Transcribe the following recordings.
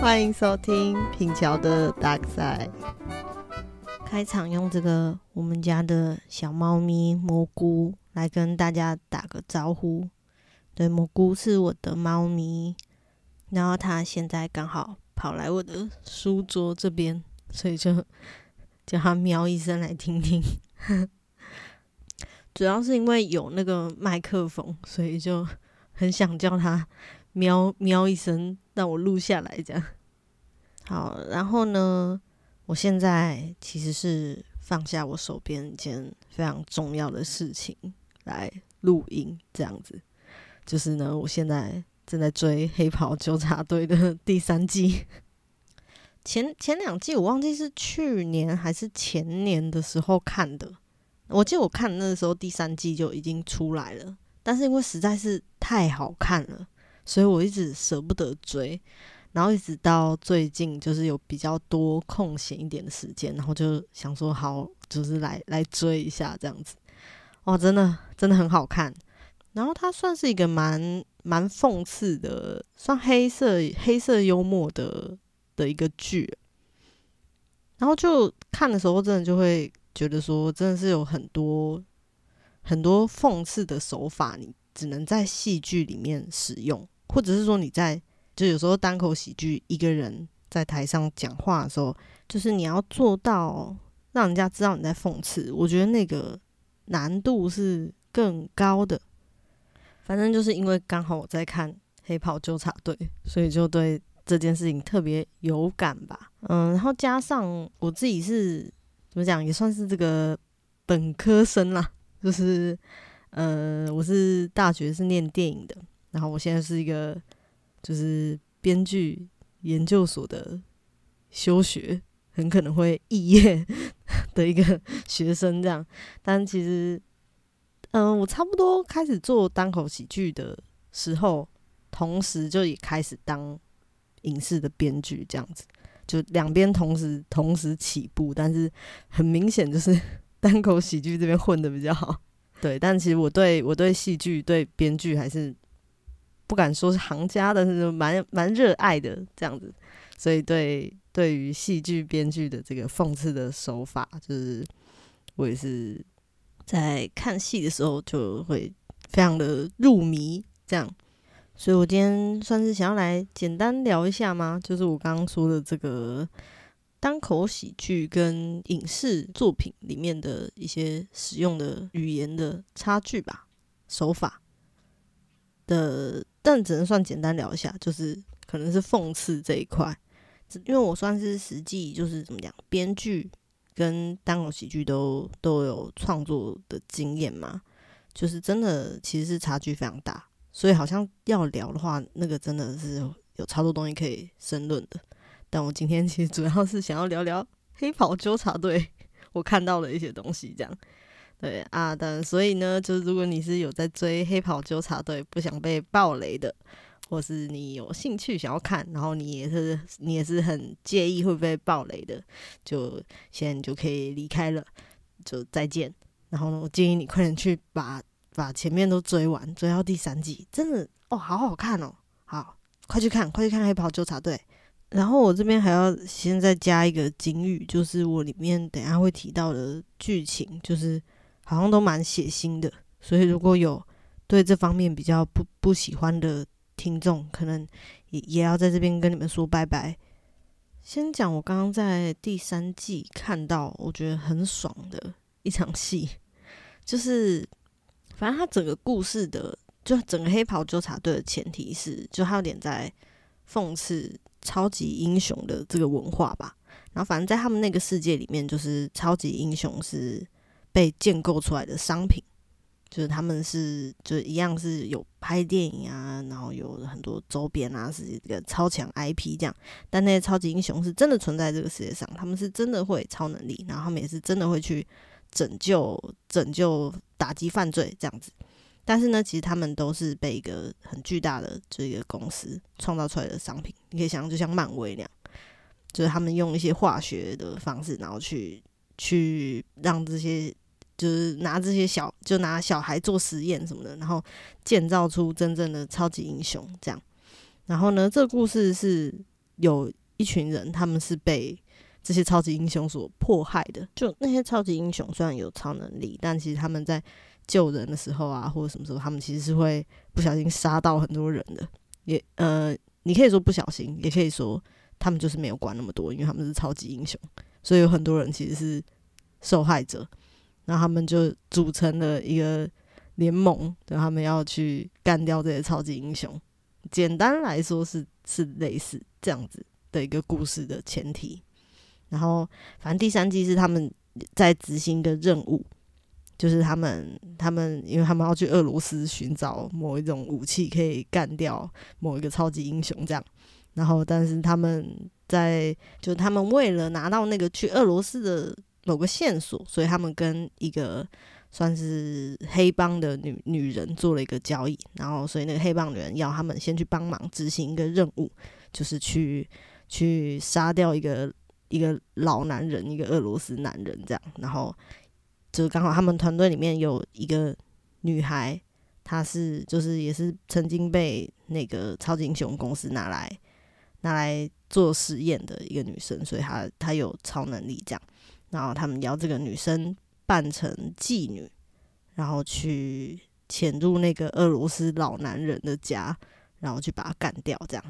歡迎收聽品喬的 Dark Side。開場用這個我們家的小貓咪蘑菇來跟大家打個招呼。對，蘑菇是我的貓咪，然後它現在剛好跑來我的書桌這邊，所以就叫它喵一聲來聽聽。 主要是因為有那個麥克風，所以就很想叫它喵喵一聲。讓我錄下來這樣。好，然後呢，我現在其實是放下我手邊一件非常重要的事情來錄音，這樣子。就是呢，我現在正在追《黑袍糾察隊》的第三季。前前兩季我忘記是去年還是前年的時候看的，我記得我看的那個時候第三季就已經出來了，但是因為實在是太好看了。所以我一直捨不得追，然後一直到最近，就是有比較多空閒一點的時間，然後就想說好，就是來來追一下這樣子。哇，真的真的很好看。然後它算是一個蠻蠻諷刺的，算黑色黑色幽默的的一個劇。然後就看的時候，真的就會覺得說，真的是有很多很多諷刺的手法，你只能在戲劇裡面使用。或者是說你在就有時候單口喜劇一個人在台上講話的時候，就是你要做到讓人家知道你在諷刺，我覺得那個難度是更高的。反正就是因為剛好我在看《黑袍糾察隊》，所以就對這件事情特別有感吧。嗯，然後加上我自己是怎麼講，也算是這個本科生啦，就是呃，我是大學是念電影的。然後我現在是一個就是編劇研究所的休學，很可能會肄業的一個學生這樣。但其實，嗯，我差不多開始做單口喜劇的時候，同時就也開始當影視的編劇，這樣子就兩邊同時同時起步。但是很明顯，就是單口喜劇這邊混得比較好。對，但其實我對我對戲劇對編劇還是。不敢說是行家的，但是蠻蠻熱愛的這樣子，所以對對於戲劇編劇的這個諷刺的手法，就是我也是在看戲的時候就會非常的入迷這樣。所以我今天算是想要來簡單聊一下嘛，就是我剛剛說的這個單口喜劇跟影視作品裡面的一些使用的語言的差距吧，手法的。但只能算簡單聊一下，就是可能是諷刺這一塊，因為我算是實際就是怎麼講，編劇跟單口喜劇都都有創作的經驗嘛，就是真的其實是差距非常大，所以好像要聊的話，那個真的是有超多東西可以深論的。但我今天其實主要是想要聊聊《黑袍糾察隊》，我看到了一些東西這樣。對啊，但所以呢，就是如果你是有在追《黑袍糾察隊》，不想被暴雷的，或是你有興趣想要看，然後你也是你也是很介意會被暴雷的，就現在就可以離開了，就再見。然後呢，我建議你快點去把把前面都追完，追到第三季，真的哦，好好看哦，好，快去看，快去看《黑袍糾察隊》。然後我這邊還要先再加一個警語，就是我裡面等一下會提到的劇情，就是。好像都蠻血腥的，所以如果有對這方面比較不不喜歡的聽眾，可能也也要在這邊跟你們說拜拜。先講我剛剛在第三季看到我覺得很爽的一場戲，就是反正他整個故事的，就整個《黑袍糾察隊》的前提是，就他有點在諷刺超級英雄的這個文化吧。然後反正，在他們那個世界裡面，就是超級英雄是。被建構出來的商品，就是他們是就一樣是有拍電影啊，然後有很多周邊啊，是一個超強 IP 這樣。但那些超級英雄是真的存在這個世界上，他們是真的會超能力，然後他們也是真的會去拯救、拯救、打擊犯罪這樣子。但是呢，其實他們都是被一個很巨大的這個公司創造出來的商品。你可以想像，就像漫威那樣，就是他們用一些化學的方式，然後去去讓這些。就是拿這些小，就拿小孩做實驗什麼的，然後建造出真正的超級英雄這樣。然後呢，這個故事是有一群人，他們是被這些超級英雄所迫害的。就那些超級英雄雖然有超能力，但其實他們在救人的時候啊，或者什麼時候，他們其實是會不小心殺到很多人的。也呃，你可以說不小心，也可以說他們就是沒有管那麼多，因為他們是超級英雄，所以有很多人其實是受害者。那他們就組成了一個聯盟，就他們要去幹掉這些超級英雄。簡單來說是是類似這樣子的一個故事的前提。然後，反正第三季是他們在執行一個任務，就是他們他們，因為他們要去俄羅斯尋找某一種武器，可以幹掉某一個超級英雄這樣。然後，但是他們在就他們為了拿到那個去俄羅斯的某個線索，所以他們跟一個算是黑幫的女女人做了一個交易，然後所以那個黑幫女人要他們先去幫忙執行一個任務，就是去去殺掉一個一個老男人，一個俄羅斯男人這樣。然後就剛好他們團隊裡面有一個女孩，她是就是也是曾經被那個超級英雄公司拿來拿來做實驗的一個女生，所以她她有超能力這樣。然後他們要這個女生扮成妓女，然後去潛入那個俄羅斯老男人的家，然後去把他幹掉。這樣，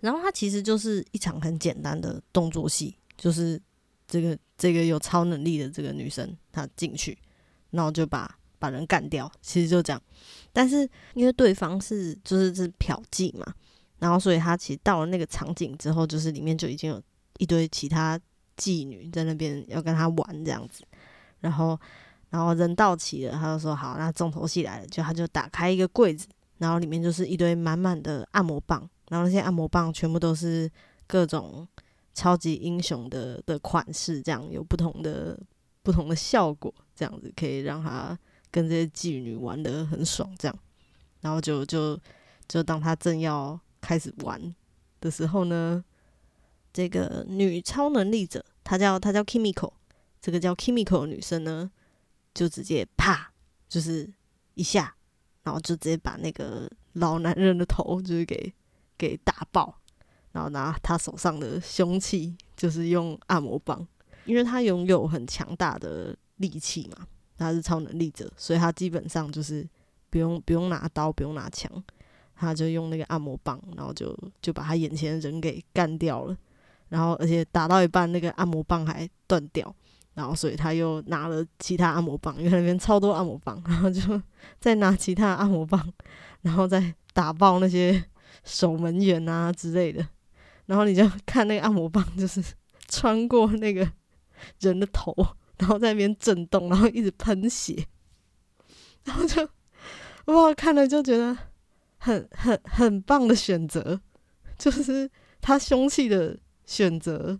然後他其實就是一場很簡單的動作戲，就是這個這個有超能力的這個女生她進去，然後就把把人幹掉，其實就這樣。但是因為對方是就是是嫖妓嘛，然後所以他其實到了那個場景之後，就是裡面就已經有一堆其他。妓女在那邊要跟他玩這樣子，然後，然後人到齊了，他就說好，那重頭戲來了，就他就打開一個櫃子，然後裡面就是一堆滿滿的按摩棒，然後那些按摩棒全部都是各種超級英雄的的款式，這樣有不同的不同的效果，這樣子可以讓他跟這些妓女玩得很爽，這樣，然後就就就當他正要開始玩的時候呢。這個女超能力者，她叫她叫 Kimiko，這個叫 Kimiko 的女生呢，就直接啪，就是一下，然後就直接把那個老男人的頭就是給給打爆，然後拿她手上的兇器，就是用按摩棒，因為她擁有很強大的力氣嘛，她是超能力者，所以她基本上就是不用不用拿刀，不用拿槍，她就用那個按摩棒，然後就就把她眼前的人給幹掉了。然後，而且打到一半，那個按摩棒還斷掉，然後所以他又拿了其他按摩棒，因為那邊超多按摩棒，然後就再拿其他按摩棒，然後再打爆那些守門員啊之類的。然後你就看那個按摩棒，就是穿過那個人的頭，然後在那邊震動，然後一直噴血，然後就哇，我看了就覺得很很很棒的選擇，就是他凶器的選擇，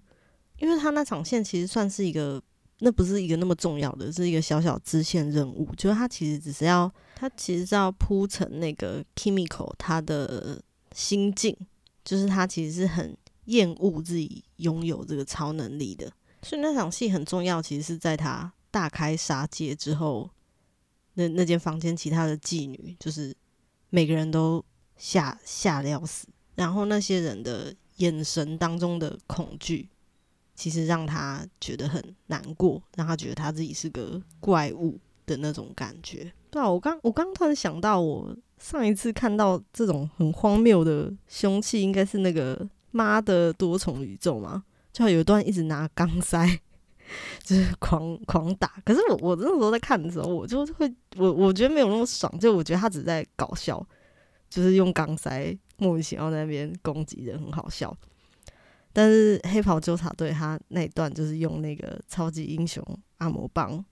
因為他那場戲其實算是一個，那不是一個那麼重要的，是一個小小支線任務。就是他其實只是要，他其實是要鋪成那個 Kimiko 他的心境，就是他其實是很厭惡自己擁有這個超能力的。所以那場戲很重要，其實是在他大開殺戒之後，那那間房間其他的妓女就是每個人都嚇嚇的要死，然後那些人的。眼神當中的恐懼，其實讓他覺得很難過，讓他覺得他自己是個怪物的那種感覺。對啊，我剛我剛突然想到，我上一次看到這種很荒謬的兇器，應該是那個媽的多重宇宙嘛，就有一段一直拿肛塞，就是狂狂打。可是我我那時候在看的時候，我就會我我覺得沒有那麼爽，就我覺得他只在搞笑，就是用肛塞。莫名其妙在那邊攻擊人很好笑，但是黑袍糾察隊他那一段就是用那個超級英雄按摩棒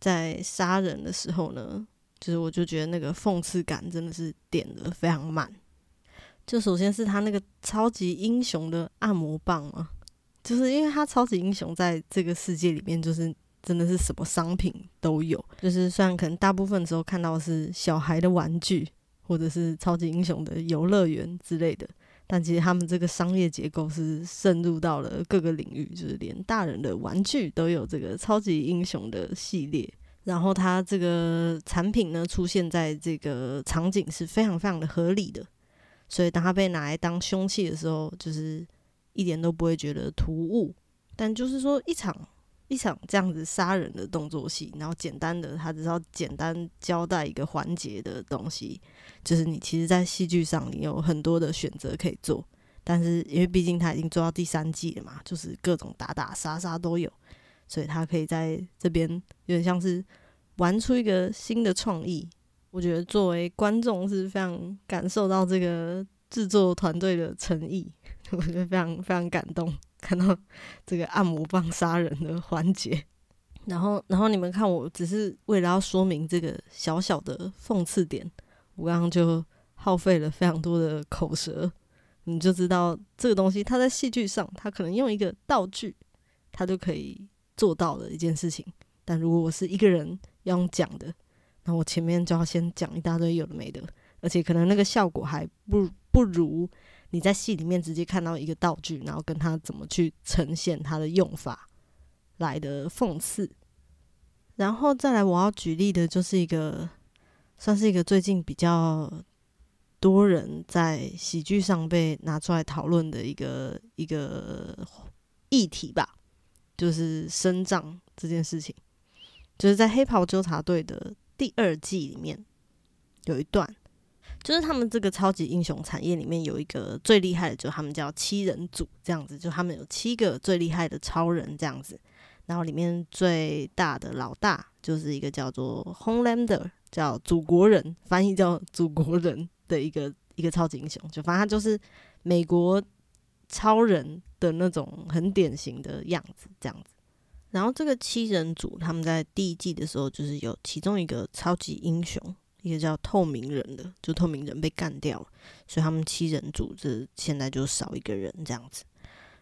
在殺人的時候呢，就是我就覺得那個諷刺感真的是點的非常滿。就首先是他那個超級英雄的按摩棒嘛、啊，就是因為他超級英雄在這個世界裡面就是真的是什麼商品都有，就是雖然可能大部分的時候看到的是小孩的玩具，或者是超級英雄的遊樂園之類的，但其實他們這個商業結構是深入到了各個領域，就是連大人的玩具都有這個超級英雄的系列。然後它這個產品呢，出現在這個場景是非常非常的合理的，所以當它被拿來當凶器的時候，就是一點都不會覺得突兀。但就是說一場，一場這樣子殺人的動作戲，然後簡單的他只要簡單交代一個環節的東西，就是你其實，在戲劇上你有很多的選擇可以做，但是因為畢竟他已經做到第三季了嘛，就是各種打打殺殺都有，所以他可以在這邊有點像是玩出一個新的創意，我覺得作為觀眾是非常感受到這個製作團隊的誠意，我覺得非常非常感動。看到這個按摩棒殺人的環節，然後，然後你們看，我只是為了要說明這個小小的諷刺點，我剛剛就耗費了非常多的口舌，你就知道這個東西，它在戲劇上，它可能用一個道具，它就可以做到的一件事情。但如果我是一個人要用講的，那我前面就要先講一大堆有的沒的，而且可能那個效果還不不如。你在戲裡面直接看到一個道具，然後跟他怎麼去呈現他的用法來的諷刺。然後再來我要舉例的，就是一個算是一個最近比較多人在喜劇上被拿出來討論的一個一個議題吧，就是身障這件事情，就是在《黑袍糾察隊》的第二季裡面有一段。就是他們這個超級英雄產業裡面有一個最厲害的，就他們叫七人組這樣子，就他們有七個最厲害的超人這樣子，然後裡面最大的老大就是一個叫做 Homelander，叫祖國人，翻譯叫祖國人的一個一個超級英雄，就反正他就是美國超人的那種很典型的樣子這樣子。然後這個七人組他們在第一季的時候，就是有其中一個超級英雄。一個叫透明人的，就透明人被幹掉了，所以他們七人組這現在就少一個人這樣子。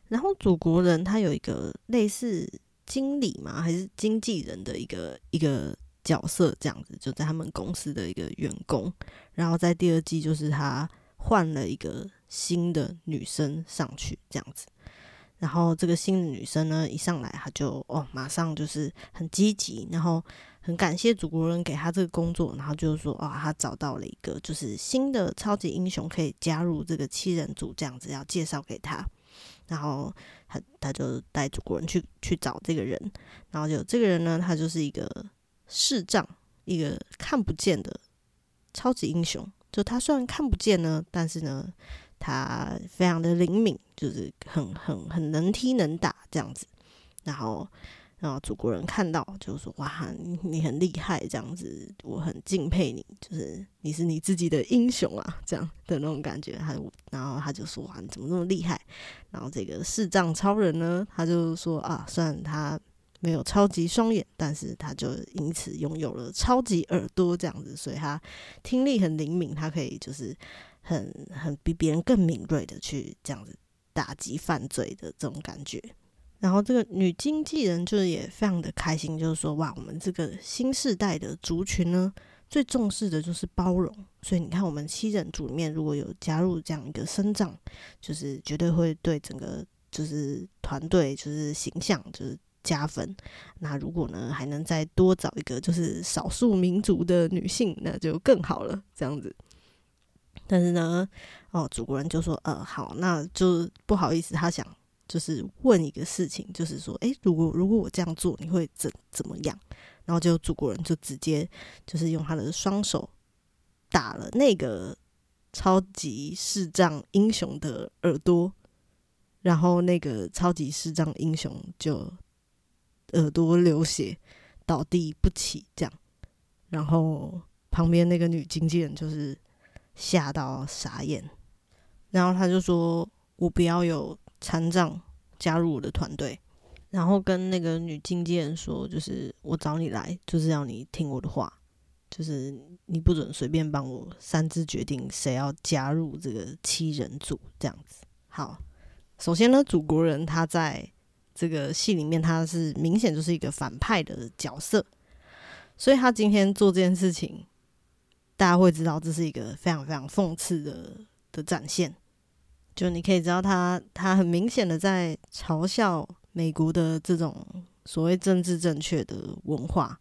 然後祖國人他有一個類似經理嘛，還是經紀人的一個一個角色這樣子，就在他們公司的一個員工。然後在第二季就是他換了一個新的女生上去這樣子。然後這個新的女生呢，一上來他就哦，馬上就是很積極，然後。很感謝祖國人給他這個工作，然後就是說，啊，他找到了一個就是新的超級英雄可以加入這個七人組，這樣子要介紹給他，然後他他就帶祖國人去去找這個人，然後就這個人呢，他就是一個視障，一個看不見的超級英雄，就他雖然看不見呢，但是呢，他非常的靈敏，就是很很很能踢能打這樣子，然後。然後祖國人看到就說：“哇，你很厲害，這樣子，我很敬佩你，就是你是你自己的英雄啊，這樣的那種感覺。”他然後他就說：“哇，你怎麼那麼厲害？”然後這個視障超人呢，他就說：“啊，雖然他沒有超級雙眼，但是他就因此擁有了超級耳朵，這樣子，所以他聽力很靈敏，他可以就是很很比別人更敏銳的去這樣子打擊犯罪的這種感覺。”然後這個女經紀人就是也非常的開心，就是說，哇，我們這個新世代的族群呢，最重視的就是包容。所以你看，我們七人組裡面如果有加入這樣一個生長，就是絕對會對整個就是團隊就是形象就是加分。那如果呢還能再多找一個就是少數民族的女性，那就更好了。這樣子，但是呢，哦，祖國人就說，呃，好，那就不好意思，他想。就是問一個事情，就是說，哎，如果如果我這樣做，你會怎怎麼樣？然後就祖國人就直接就是用他的雙手打了那個超級視障英雄的耳朵，然後那個超級視障英雄就耳朵流血倒地不起，這樣。然後旁邊那個女經紀人就是嚇到傻眼，然後他就說：“我不要有。”殘障加入我的團隊，然後跟那個女經紀人說，就是我找你來就是要你聽我的話，就是你不准隨便幫我擅自決定誰要加入這個七人組這樣子。好，首先呢，祖國人他在這個戲裡面他是明顯就是一個反派的角色，所以他今天做這件事情，大家會知道這是一個非常非常諷刺的的展現。就你可以知道，他他很明顯的在嘲笑美國的這種所謂政治正確的文化。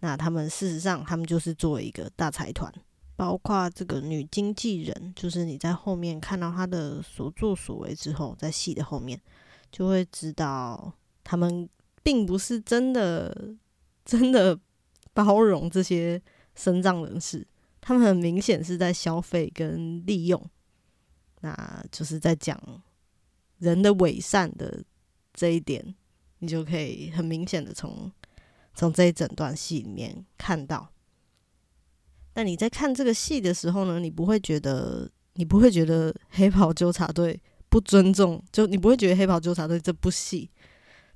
那他們事實上，他們就是作為一個大財團，包括這個女經紀人，就是你在後面看到他的所作所為之後，在戲的後面就會知道，他們並不是真的真的包容這些身障人士，他們很明顯是在消費跟利用。那就是在講人的偽善的這一點，你就可以很明顯的從從這一整段戲裡面看到。但你在看這個戲的時候呢，你不會覺得你不會覺得黑袍糾察隊不尊重，就你不會覺得黑袍糾察隊這部戲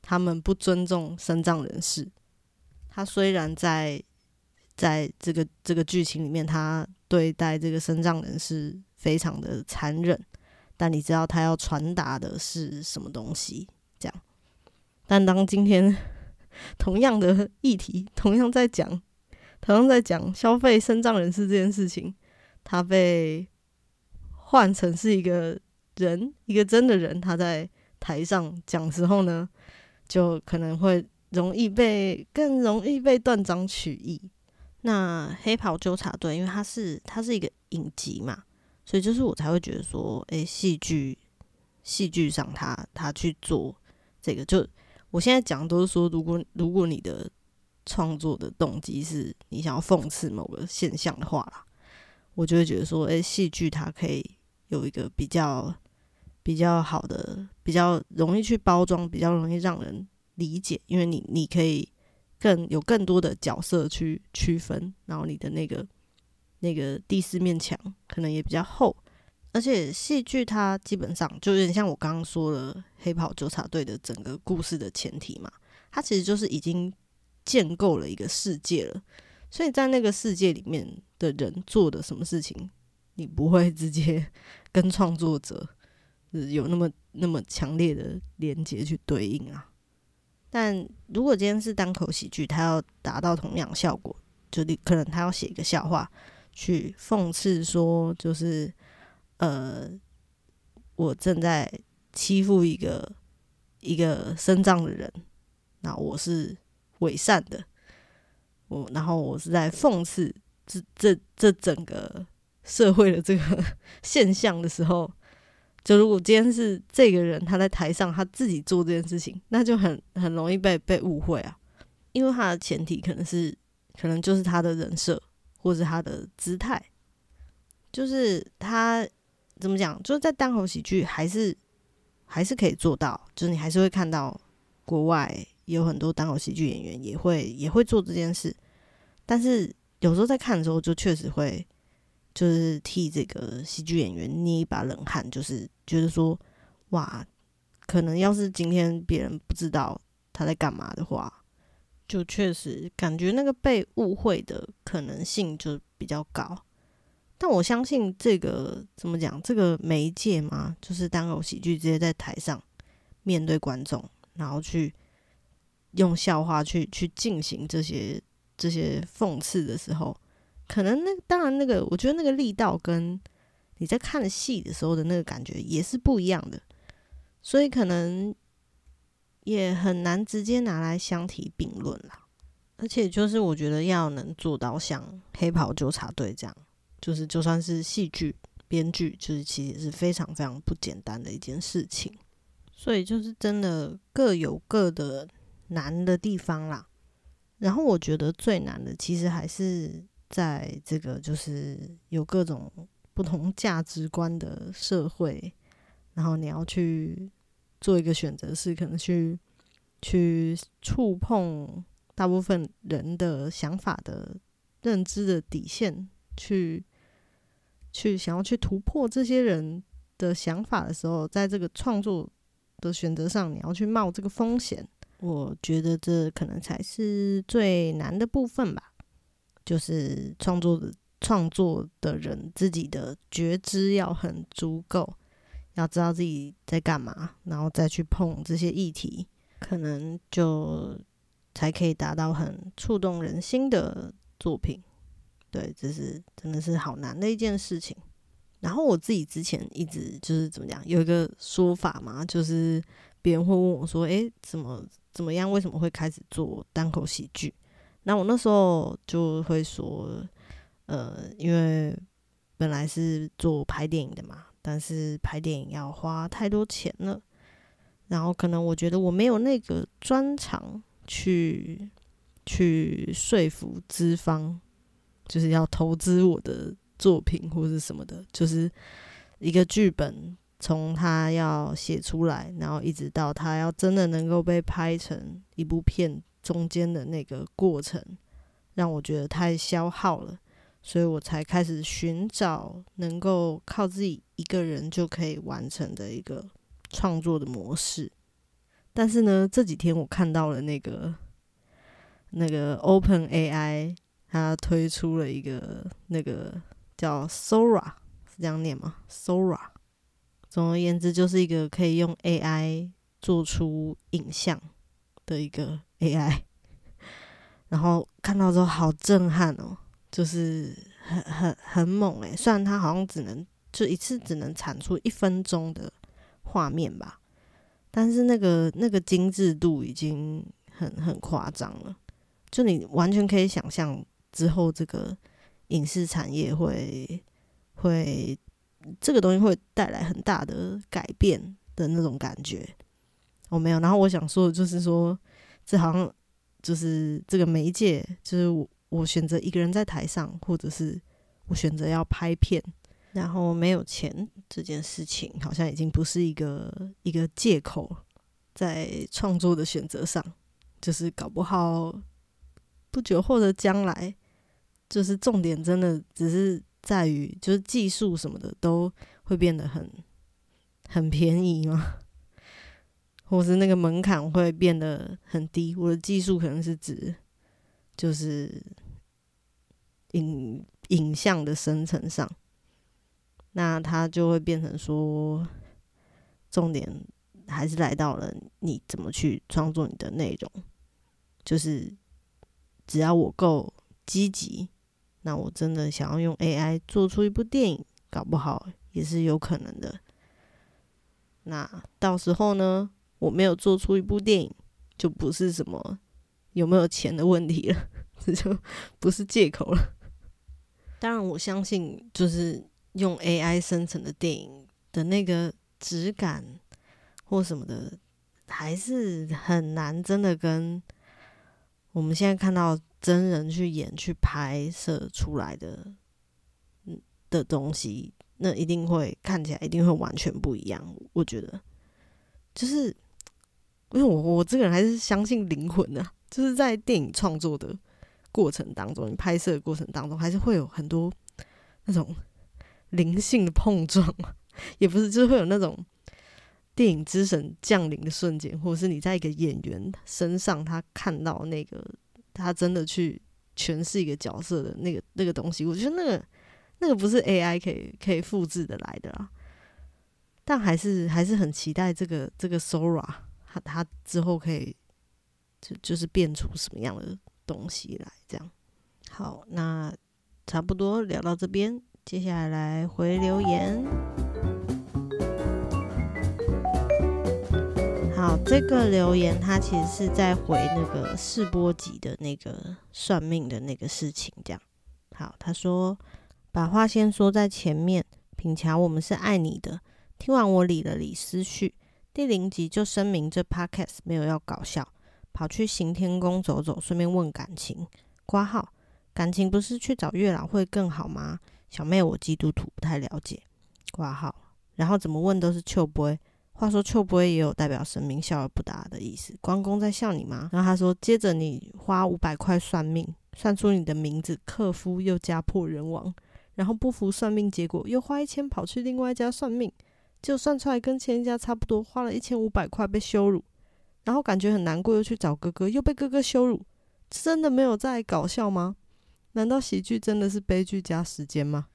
他們不尊重身障人士。他雖然在在這個這個劇情裡面，他對待這個身障人士。非常的殘忍，但你知道他要傳達的是什麼東西，這樣。但當今天同樣的議題，同樣在講，同樣在講消費身障人士這件事情，他被換成是一個人，一個真的人，他在台上講的時候呢，就可能會容易被，更容易被斷章取義。那黑袍糾察隊，因為他是他是一個影集嘛。所以就是我才會覺得說，欸，戲劇，戲劇上他他去做這個，就我現在講的都是說，如果如果你的創作的動機是你想要諷刺某個現象的話啦，我就會覺得說，欸，戲劇它可以有一個比較比較好的、比較容易去包裝、比較容易讓人理解，因為你你可以更有更多的角色去區分，然後你的那個。那個第四面牆可能也比較厚，而且戲劇它基本上就有點像我剛剛說的《黑袍糾察隊》的整個故事的前提嘛，它其實就是已經建構了一個世界了，所以在那個世界裡面的人做的什麼事情，你不會直接跟創作者有那麼那麼強烈的連接去對應啊。但如果今天是單口喜劇，它要達到同樣的效果，就你可能他要寫一個笑話。去諷刺說，就是呃，我正在欺負一個一個身障的人，那我是偽善的，我然後我是在諷刺這這這整個社會的這個 現象的時候，就如果今天是這個人他在台上他自己做這件事情，那就很很容易被被誤會啊，因為他的前提可能是可能就是他的人設。或是他的姿態，就是他怎麼講，就是在單口喜劇還是還是可以做到，就是你還是會看到國外有很多單口喜劇演員也會也會做這件事，但是有時候在看的時候，就確實會就是替這個喜劇演員捏一把冷汗，就是，就是覺得說哇，可能要是今天別人不知道他在幹嘛的話。就確實感覺那個被誤會的可能性就比較高，但我相信這個怎麼講？這個媒介嘛，就是單口喜劇直接在台上面對觀眾，然後去用笑話去去進行這些這些諷刺的時候，可能那個、當然那個，我覺得那個力道跟你在看戲的時候的那個感覺也是不一樣的，所以可能。也很難直接拿來相提並論啦，而且就是我覺得要能做到像《黑袍糾察隊》這樣，就是就算是戲劇編劇，就是其實是非常非常不簡單的一件事情，所以就是真的各有各的難的地方啦。然後我覺得最難的其實還是在這個就是有各種不同價值觀的社會，然後你要去。做一個選擇是可能去去觸碰大部分人的想法的認知的底線，去去想要去突破這些人的想法的時候，在這個創作的選擇上，你要去冒這個風險。我覺得這可能才是最難的部分吧，就是創作的創作的人自己的覺知要很足夠。要知道自己在幹嘛，然後再去碰這些議題，可能就才可以達到很觸動人心的作品。對，這是真的是好難的一件事情。然後我自己之前一直就是怎麼講，有一個說法嘛，就是別人會問我說：“哎、欸，怎麼怎麼樣？為什麼會開始做單口喜劇？”那我那時候就會說：“呃，因為本來是做拍電影的嘛。”但是拍電影要花太多錢了，然後可能我覺得我沒有那個專長去去說服資方，就是要投資我的作品或是什麼的，就是一個劇本從他要寫出來，然後一直到他要真的能夠被拍成一部片中間的那個過程，讓我覺得太消耗了，所以我才開始尋找能夠靠自己，一個人就可以完成的一個創作的模式，但是呢，這幾天我看到了那個那個 Open AI，它推出了一個那個叫 Sora，是這樣念嗎？Sora。總而言之，就是一個可以用 AI 做出影像的一個 AI。然後看到之後，好震撼哦，就是很很很猛誒、欸，雖然它好像只能。就一次只能產出一分鐘的畫面吧，但是那個那個精緻度已經很很誇張了。就你完全可以想象之後這個影視產業會會這個東西會帶來很大的改變的那種感覺。我、oh, 沒有。然後我想說的就是說，這好像就是這個媒介，就是我我選擇一個人在台上，或者是我選擇要拍片。然後沒有錢這件事情，好像已經不是一個一個借口，在創作的選擇上，就是搞不好不久後的將來，就是重點真的只是在於，就是技術什麼的都會變得很很便宜嗎？或是那個門檻會變得很低？我的技術可能是指就是影影像的生成上。那它就會變成說，重點還是來到了你怎麼去創作你的內容，就是只要我夠積極，那我真的想要用 AI 做出一部電影，搞不好也是有可能的。那到時候呢，我沒有做出一部電影，就不是什麼有沒有錢的問題了，這 就不是借口了。當然，我相信就是。用 AI 生成的電影的那個質感或什麼的，還是很難真的跟我們現在看到真人去演去拍攝出來的，嗯的東西，那一定會看起來一定會完全不一樣。我覺得，就是因為我我這個人還是相信靈魂的啊，就是在電影創作的過程當中，拍攝的過程當中，還是會有很多那種，靈性的碰撞，也不是，就是會有那種電影之神降臨的瞬間，或者是你在一個演員身上，他看到那個他真的去詮釋一個角色的那個那個東西，我覺得那個那個不是 AI 可以可以複製的來的啦。但還是還是很期待這個這個 Sora，他他之後可以就就是變出什麼樣的東西來。這樣，好，那差不多聊到這邊。接下來來回留言，好，這個留言他其實是在回那個試播集的那個算命的那個事情。這樣，好，他說，把話先說在前面，品喬，我們是愛你的。聽完我理了理思緒，第零集就聲明這 Podcast 沒有要搞笑，跑去行天宮走走，順便問感情，括號感情不是去找月老會更好嗎？小妹，我基督徒不太了解，掛號，然後怎麼問都是笑杯。話說笑杯也有代表神明笑而不答的意思。關公在笑你嗎？然後他說，接着你花五百塊算命，算出你的名字克夫又家破人亡。然後不服算命結果又花一千跑去另外一家算命，就算出來跟前一家差不多，花了一千五百塊被羞辱，然後感覺很難過又去找哥哥，又被哥哥羞辱。真的沒有在搞笑嗎？難道喜劇真的是悲劇加時間嗎？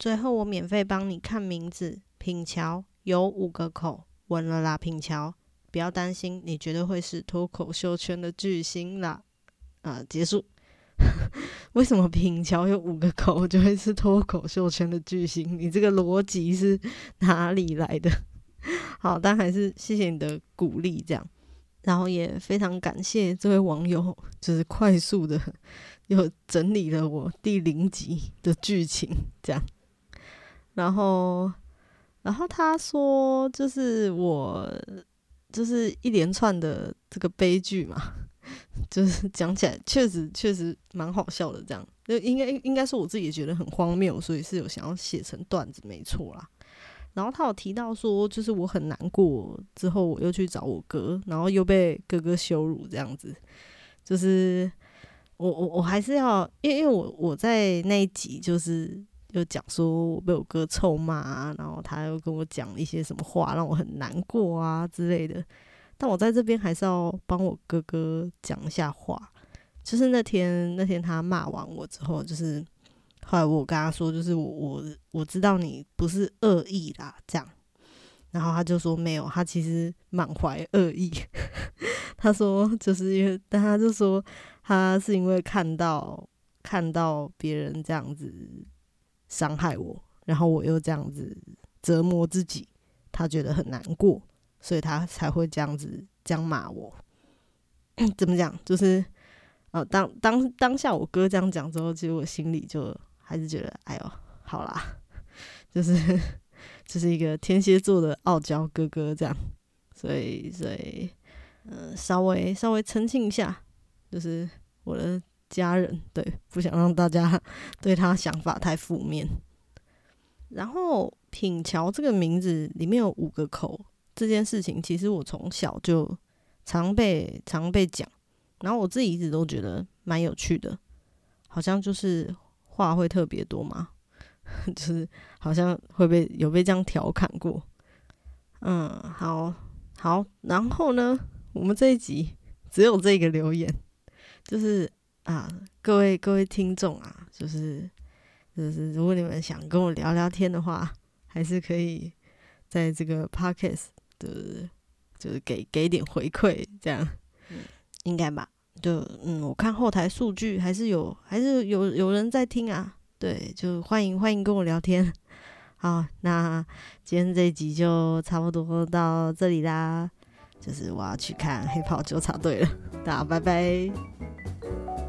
最後我免費幫你看名字，品喬有五個口，穩了啦！品喬，不要擔心，你絕對會是脫口秀圈的巨星啦！呃、啊，結束。 為什麼品喬有五個口就會是脫口秀圈的巨星？你這個邏輯是哪裡來的？好，但還是謝謝你的鼓勵，這樣，然後也非常感謝這位網友，就是快速的。又整理了我第零集的劇情，這樣，然後，然後他說，就是我，就是一連串的這個悲劇嘛，就是講起來確實確實蠻好笑的，這樣，就應該應該是我自己也覺得很荒謬，所以是有想要寫成段子，沒錯啦。然後他有提到說，就是我很難過，之後我又去找我哥，然後又被哥哥羞辱，這樣子，就是。我我我還是要，因為因為我我在那一集就是有講說我被我哥臭罵啊，然後他又跟我講一些什麼話，讓我很難過啊之類的。但我在這邊還是要幫我哥哥講一下話，就是那天那天他罵完我之後，就是後來我跟他說，就是我我我知道你不是惡意啦，這樣，然後他就說沒有，他其實滿懷惡意， 他說就是因為，但他就說。他是因為看到看到別人這樣子傷害我，然後我又這樣子折磨自己，他覺得很難過，所以他才會這樣子這樣罵我。 怎麼講？就是，哦，當當當下我哥這樣講之後，其實我心裡就還是覺得，哎呦，好啦，就是就是一個天蠍座的傲嬌哥哥這樣，所以所以，嗯、呃，稍微稍微澄清一下。就是我的家人，對，不想讓大家對他想法太負面。然後品喬這個名字裡面有五個口，這件事情其實我從小就常被常被講，然後我自己一直都覺得蠻有趣的，好像就是話會特別多嘛，就是好像會被有被這樣調侃過。嗯，好好，然後呢，我們這一集只有這個留言。就是啊，各位各位聽眾啊，就是就是，如果你們想跟我聊聊天的話，還是可以在這個 podcast，就是就是給給點回饋這樣，嗯、應該吧？就嗯，我看後台數據還是有，還是有有人在聽啊。對，就歡迎歡迎跟我聊天。好，那今天這一集就差不多到這裡啦。就是我要去看《黑袍糾察隊》了， 大家拜拜。